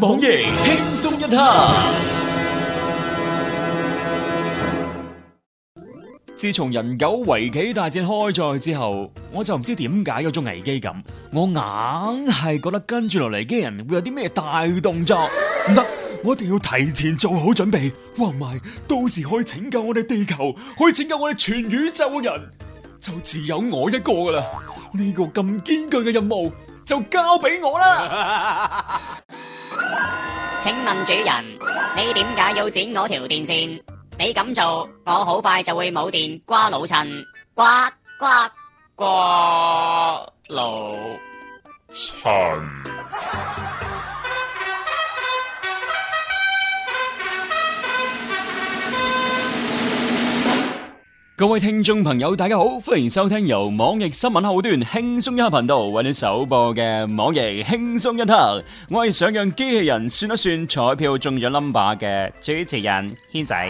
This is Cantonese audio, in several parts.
網易輕鬆一刻。自從人狗圍棋大戰開賽之後，我就唔知點解有種危機感。我硬係覺得跟住落嚟嘅人會有啲咩大動作，唔得，我一定要提前做好準備。哇，埋到時可以拯救我哋地球，可以拯救我哋全宇宙嘅人，就只有我一個噶啦。呢個咁艱巨嘅任務就交俾我啦。 請問主人，你點解要剪我條電線？你咁做，我好快就會冇電，瓜老襯，瓜瓜瓜，瓜，瓜老襯。各位聽眾朋友，大家好，歡迎收聽由網易新聞客戶端輕鬆一刻頻道為你首播嘅網易輕鬆一刻。我係想讓機器人算一算彩票中咗 number 嘅主持人軒仔。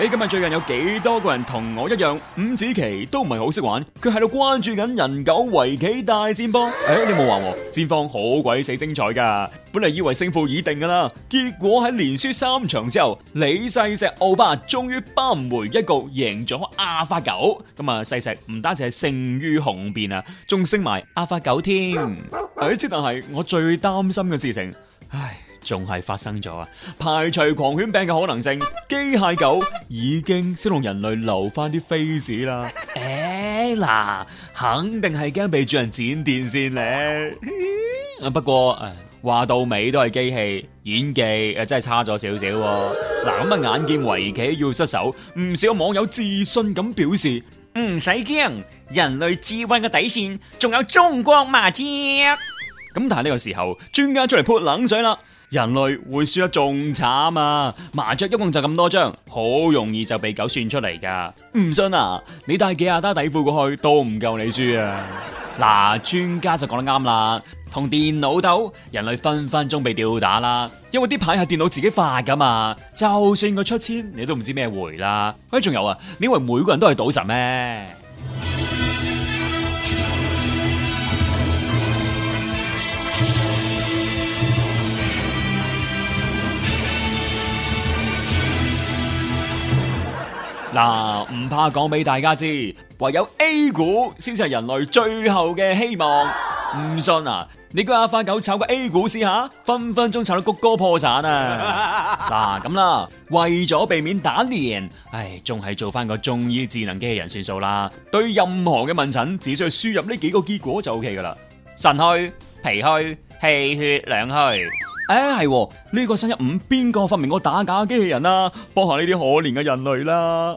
誒，今日最近有幾多個人同我一樣，五子棋都唔係好識玩，佢喺度關注緊人狗圍棋大戰噃。誒、欸，你冇話，戰況好鬼死精彩噶。本嚟以為勝負已定噶啦，結果喺連輸三場之後，李世石、奧巴終於扳回一局，贏咗阿法狗。咁啊，世石唔單止係勝於雄辯啊，仲勝埋阿法狗添。誒，之但係我最擔心嘅事情，唉，仲係發生咗啊！排除狂犬病嘅可能性，機械狗已經先同人類留翻啲 face 啦。誒，嗱，肯定係驚被主人剪電線咧。不過誒。話到尾都係機器演技誒，真係差咗少少。嗱，咁啊眼見圍棋要失手，唔少網友自信咁表示：唔使驚，人類智慧嘅底線仲有中國麻雀。咁但係呢個時候，專家出嚟潑冷水啦，人類會輸得仲慘啊！麻雀一共就咁多張，好容易就被狗算出嚟噶。唔信啊，你帶幾啊打底褲過去都唔夠你輸啊！嗱，專家就講得啱啦。同電腦鬥，人類分分鐘被吊打啦！因為啲牌係電腦自己發㗎嘛，就算佢出千，你都唔知咩回啦。喂、哎，仲有啊，你以為每個人都係賭神咩？嗱，唔、 啊、怕講俾大家知，唯有 A 股先至係人類最後嘅希望。 唔信啊！你跟阿發狗炒個 A 股試下，分分鐘炒到谷歌破產啊！嗱咁啦，為咗避免打臉，唉，仲係做翻個中醫智能機器人算數啦。對任何嘅問診，只需要輸入呢幾個結果就 O K 噶啦。腎虛、脾虛、氣血兩虛。誒，係呢個新一五邊個發明過打假機器人啦，幫下呢啲可憐嘅人類啦。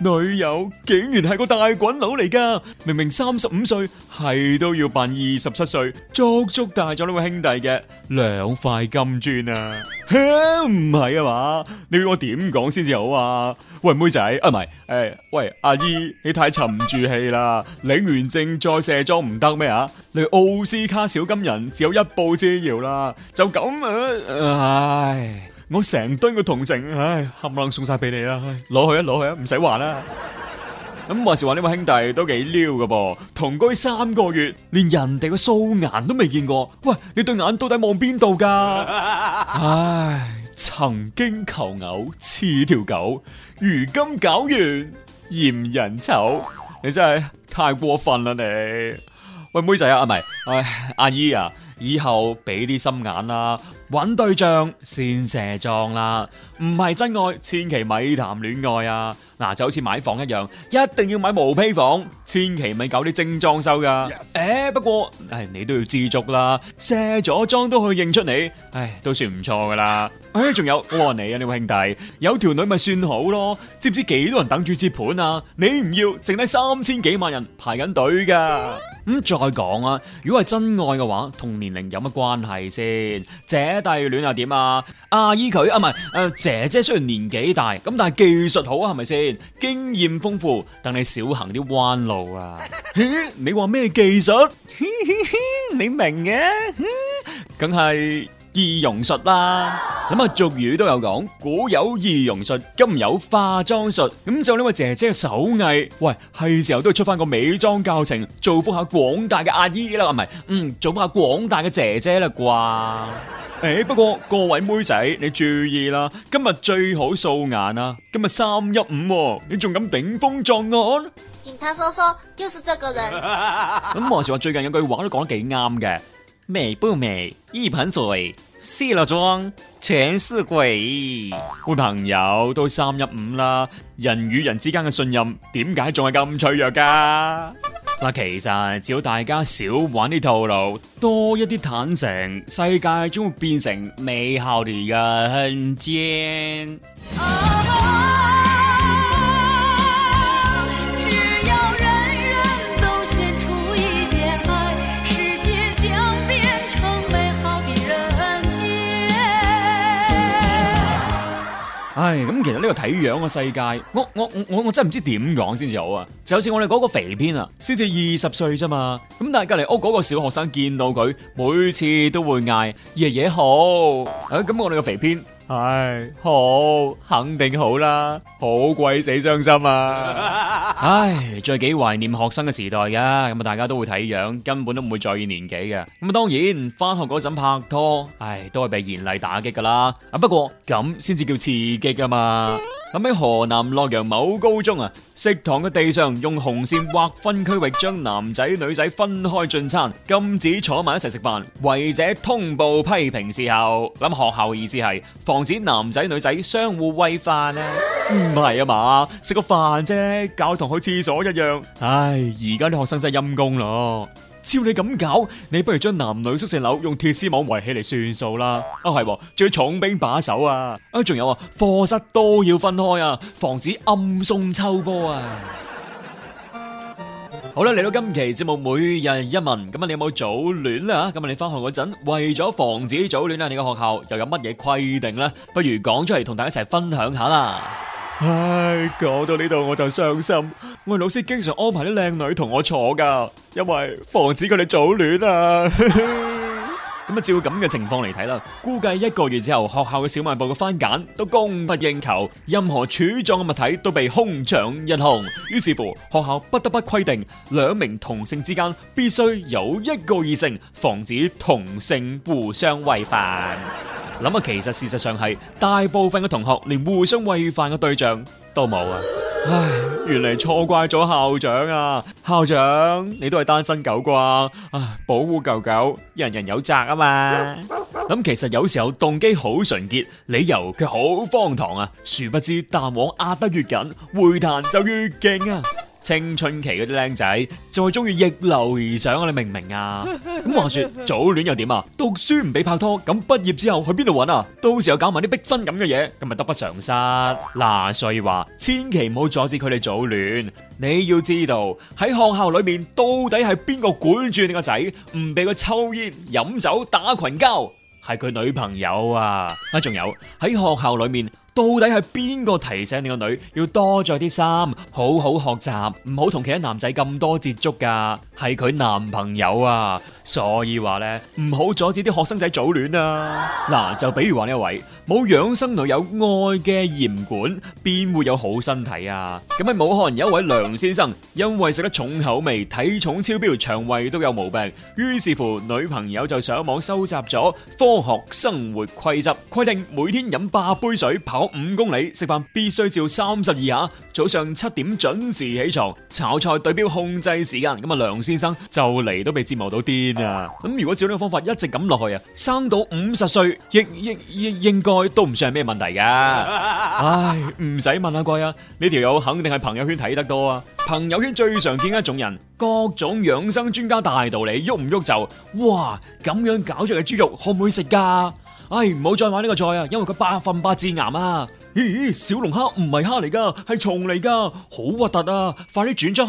女友竟然係個大滾佬嚟噶，明明三十五歲，係都要扮二十七歲，足足大咗呢個兄弟嘅兩塊金磚啊！唔係啊嘛，你要我點講先至好啊？喂，妹仔啊，唔係誒，喂阿姨，你太沉唔住氣啦，領完證再卸妝唔得咩啊？你奧斯卡小金人，只有一步之遙啦，就咁啊、呃，唉。我成噸嘅同情，唉，冚唪唥送晒俾你啦，攞去啊，攞去啊，唔使還啦。咁話時話呢位兄弟都幾撩㗎噃，同居三個月，連人哋嘅素顏都未見過。喂，你對眼到底望邊度噶？唉，曾經求偶似條狗，如今搞完嫌人醜，你真係太過分啦你。喂，妹仔啊，阿咪？唉，阿姨啊，以後俾啲心眼啦。搵對象先卸妝啦，唔係真愛千祈咪談戀愛啊！嗱，就好似買房一樣，一定要買毛坯房，千祈咪搞啲精裝修噶。誒，不過誒，你都要知足啦，卸咗妝都可以認出你，誒，都算唔錯噶啦。誒，仲有我話你啊，你個兄弟有條女咪算好咯，知唔知幾多人等住接盤啊？你唔要，剩低三千幾萬人排緊隊噶。咁再講啊，如果係真愛嘅話，同年齡有乜關係先？這弟戀又點啊？阿姨佢啊，唔係誒，姐姐雖然年紀大，咁但係技術好，係咪先？經驗豐富，但你少行啲彎路啊！你話咩技術？你明嘅，梗係。易容術啦，咁啊俗語都有講，古有易容術，今有化妝術。咁就呢位姐姐嘅手藝，喂，係時候都要出翻個美妝教程，造福下廣大嘅阿姨啦，唔係，嗯，造福下廣大嘅姐姐啦啩？誒，不過各位妹仔，你注意啦，今日最好素顏啊，今日三一五喎，你仲敢頂風作案？警察叔叔就是這個人。咁話說話最近有句話都講得幾啱嘅。美不美？一盆水，卸了妝，全是鬼。好朋友都三一五啦，人與人之間嘅信任，點解仲係咁脆弱噶？嗱、啊，其實只要大家少玩啲套路，多一啲坦誠，世界將會變成美好的人間。啊咁其實呢個睇樣嘅世界，我我我我真係唔知點講先至好啊！就好似我哋嗰個肥編啊，先至二十歲咋嘛，咁但係隔籬屋嗰個小學生見到佢，每次都會嗌爺爺好。誒，咁我哋個肥編。唉，好肯定好啦，好鬼死傷心啊！ 唉，最幾懷念學生嘅時代噶，咁啊大家都會睇樣，根本都唔會在意年紀嘅。咁啊當然，翻學嗰陣拍拖，唉，都係被嚴厲打擊噶啦。啊不過咁先至叫刺激噶嘛。 噉喺河南洛陽某高中啊，食堂嘅地上用紅線劃分區域將，將男仔女仔分開進餐，禁止坐埋一齊食飯。違者通報批評事後，噉學校嘅意思係防止男仔女仔相互餵飯啊？唔係啊嘛，食個飯啫，教同去廁所一樣。唉，而家啲學生真係陰功咯。照你咁搞，你不如將男女宿舍樓用鐵絲網圍起嚟算數啦。啊係，仲要重兵把守啊！啊，仲有啊，課室都要分開啊，防止暗送秋波啊！好啦，嚟到今期節目每日一問，咁啊，你有冇早戀啦？啊，咁你翻學嗰陣，為咗防止早戀啊，你個學校又有乜嘢規定呢？不如講出嚟同大家一齊分享下啦。唉，講到呢度我就傷心。我哋老師經常安排啲靚女同我坐噶，因為防止佢哋早戀啊。咁啊，照咁嘅情況嚟睇啦，估計一個月之後，學校嘅小賣部嘅番梘都供不應求，任何柱狀嘅物體都被空搶一空。於是乎，學校不得不規定兩名同性之間必須有一個異性，防止同性互相違反。諗啊，其實事實上係大部分嘅同學連互相餵飯嘅對象都冇啊！唉，原嚟錯怪咗校長啊！校長，你都係單身狗啩？唉，保護狗狗，人人有責啊嘛！咁 其實有時候動機好純潔，理由佢好荒唐啊！殊不知彈簧壓得越緊，回彈就越勁啊！青春期嗰啲靚仔就係中意逆流而上啊！你明唔明啊？咁話說早戀又點啊？讀書唔俾拍拖，咁畢業之後去邊度揾啊？到時候搞埋啲逼婚咁嘅嘢，咁咪得不償失嗱，啊。所以話千祈唔好阻止佢哋早戀。你要知道喺學校裏面到底係邊個管住你個仔，唔俾佢抽煙、飲酒、打群交，係佢女朋友啊。啊，仲有喺學校裏面。到底係邊個提醒你個女要多着啲衫，好好學習，唔好同其他男仔咁多接觸㗎？係佢男朋友啊，所以話呢，唔好阻止啲學生仔早戀啊！嗱，啊，就比如話呢一位。冇養生女友愛嘅嚴管，邊會有好身體啊？咁喺武漢有一位梁先生，因為食得重口味，體重超標，腸胃都有毛病。於是乎，女朋友就上網收集咗科學生活規則，規定每天飲八杯水，跑五公里，食飯必須照三十二下，早上七點準時起牀，炒菜對標控制時間。咁啊，梁先生就嚟都被折磨到癲啊！咁如果照呢個方法一直咁落去啊，生到五十歲，亦應應應應該～都唔算係咩問題噶，唉，唔使問阿貴啊，呢條友肯定係朋友圈睇得多啊。朋友圈最常見一種人，各種養生專家大道理，喐唔喐就，哇，咁樣搞出嘅豬肉可唔可以食噶？唉，唔好再買呢個菜啊，因為佢百分百致癌啊！咦、哎、咦、哎，小龍蝦唔係蝦嚟噶，係蟲嚟噶，好核突啊！快啲轉出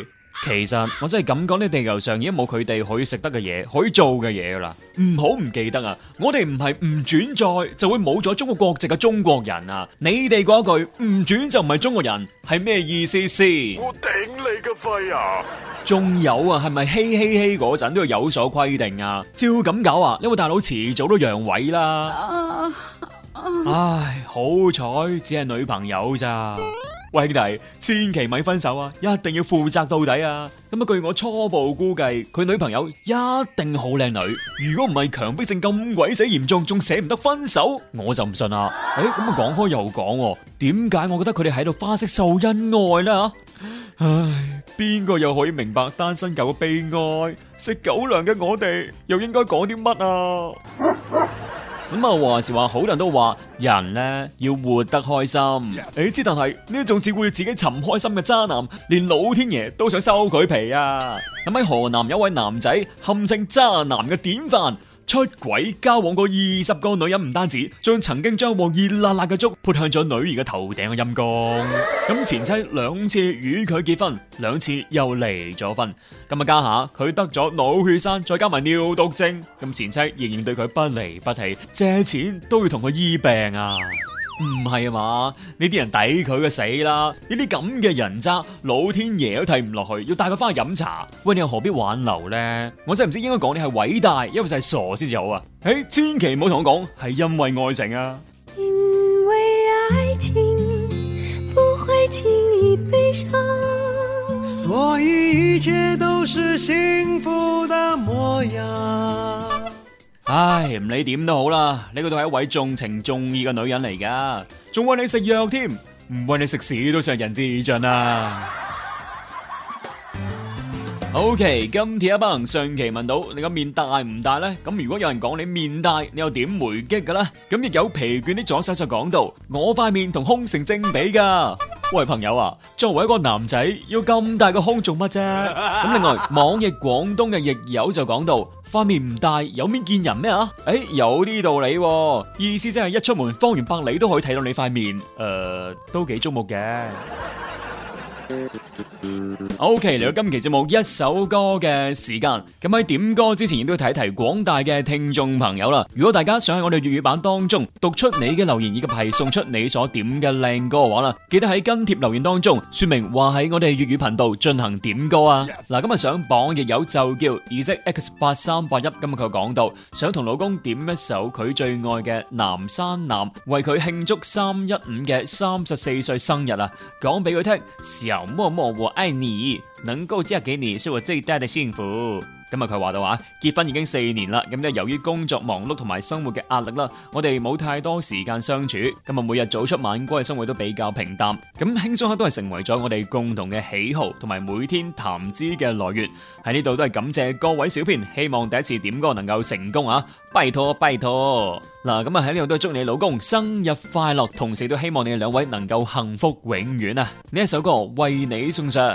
去。其實我真係咁講，呢地球上已經冇佢哋可以食得嘅嘢，可以做嘅嘢啦。唔好唔記得啊！我哋唔係唔轉載就會冇咗中國國籍嘅中國人啊！你哋嗰句唔轉就唔係中國人係咩意思先？我頂你個肺啊！仲有啊，係咪希希希嗰陣都要有所規定啊？照咁搞啊，你個大佬遲早都讓位啦。啊唉，好彩只係女朋友咋？喂，兄弟，千祈咪分手啊！一定要負責到底啊！咁啊，據我初步估計，佢女朋友一定好靚女。如果唔係強迫症咁鬼死嚴重，仲捨唔得分手，我就唔信啦。誒，咁啊，講開又講，點解我覺得佢哋喺度花式秀恩愛呢？吓，唉，邊個又可以明白單身狗嘅悲哀？食狗糧嘅我哋又應該講啲乜啊？咁啊，話時話，好多人都話人咧要活得開心。你知 Yes.，但係呢種只顧自己尋開心嘅渣男，連老天爺都想收佢皮啊！咁喺河南有位男仔堪稱渣男嘅典範。出軌交往過二十個女人唔單止，將曾經將鑊熱辣辣嘅粥潑向咗女兒嘅頭頂嘅陰公。咁前妻兩次與佢結婚，兩次又離咗婚。今日家下佢得咗腦血栓，再加埋尿毒症，咁前妻仍然對佢不離不棄，借錢都要同佢醫病啊！唔係啊嘛，呢啲人抵佢嘅死啦！呢啲咁嘅人渣，老天爺都睇唔落去，要帶佢翻去飲茶。喂，你又何必挽留呢？我真係唔知應該講你係偉大，抑或係傻先至好啊！誒、欸，千祈唔好同我講係因為愛情啊！因為愛情不會輕易悲傷，所以一切都是幸福的模樣。唉，唔理點都好啦，你嗰度係一位重情重義嘅女人嚟噶，仲餵你食藥添，唔餵你食屎都算係仁至義盡啦。OK，今次阿伯上期問到你個面大唔大咧？咁如果有人講你面大，你又點回擊嘅咧？咁亦有疲倦啲左手就講到，我塊面同胸成正比噶。喂，朋友啊，作為一個男仔，要咁大個胸做乜啫？咁另外，網易廣東嘅易友就講到。塊面唔大，有面見人咩啊？誒，有啲道理，啊，意思即係一出門方圓百里都可以睇到你塊面，誒、呃，都幾矚目嘅。 O.K. 嚟到今期節目一首歌嘅時間，咁喺點歌之前亦都要提提廣大嘅聽眾朋友啦。如果大家想喺我哋粵語版當中讀出你嘅留言，以及係送出你所點嘅靚歌嘅話啦，記得喺跟帖留言當中說明，話喺我哋粵語頻道進行點歌啊。嗱，今日上榜嘅有就叫二色 X 八三八一，今日佢講到想同老公點一首佢最愛嘅南山南，為佢慶祝三一五嘅三十四歲生日啊，講俾佢聽。時候摸摸和 any。能夠嫁給你，是我最大的幸福。今日佢話到話，結婚已經四年啦。咁咧由於工作忙碌同埋生活嘅壓力啦，我哋冇太多時間相處。咁啊，每日早出晚歸嘅生活都比較平淡。咁輕鬆下都係成為咗我哋共同嘅喜好，同埋每天談資嘅來源。喺呢度都係感謝各位小編，希望第一次點歌能夠成功啊！拜託拜託。嗱，咁啊喺呢度都係祝你老公生日快樂，同時都希望你哋兩位能夠幸福永遠啊！呢一首歌為你送上。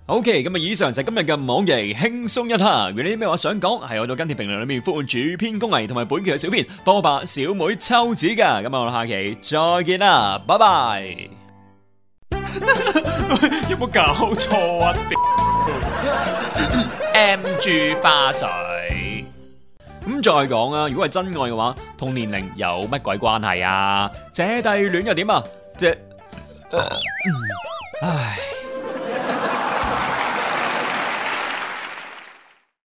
O K，咁啊，okay, 以上就今日嘅網易輕鬆一下。如果你咩話想講，係我喺跟帖評論裏面呼喚主編公藝同埋本期嘅小編幫我把小妹抽紙噶。咁我哋下期再見啦，拜拜。 有冇搞錯啊 ？M G 花水咁 再講啊？如果係真愛嘅話，同年齡有乜鬼關係啊？姐弟戀又點啊？即 唉。